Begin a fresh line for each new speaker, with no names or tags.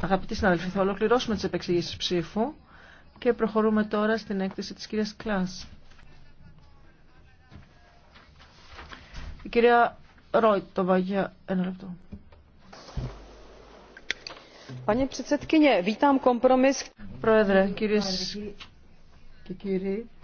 Αγαπητοί συναδελφοί, θα ολοκληρώσουμε τις επεξηγήσεις ψήφου και προχωρούμε τώρα στην έκθεση της κυρίας Κλάς.
Η κυρία το βαγιά, ένα λεπτό.
Πρόεδρε, κυρίες και κύριοι,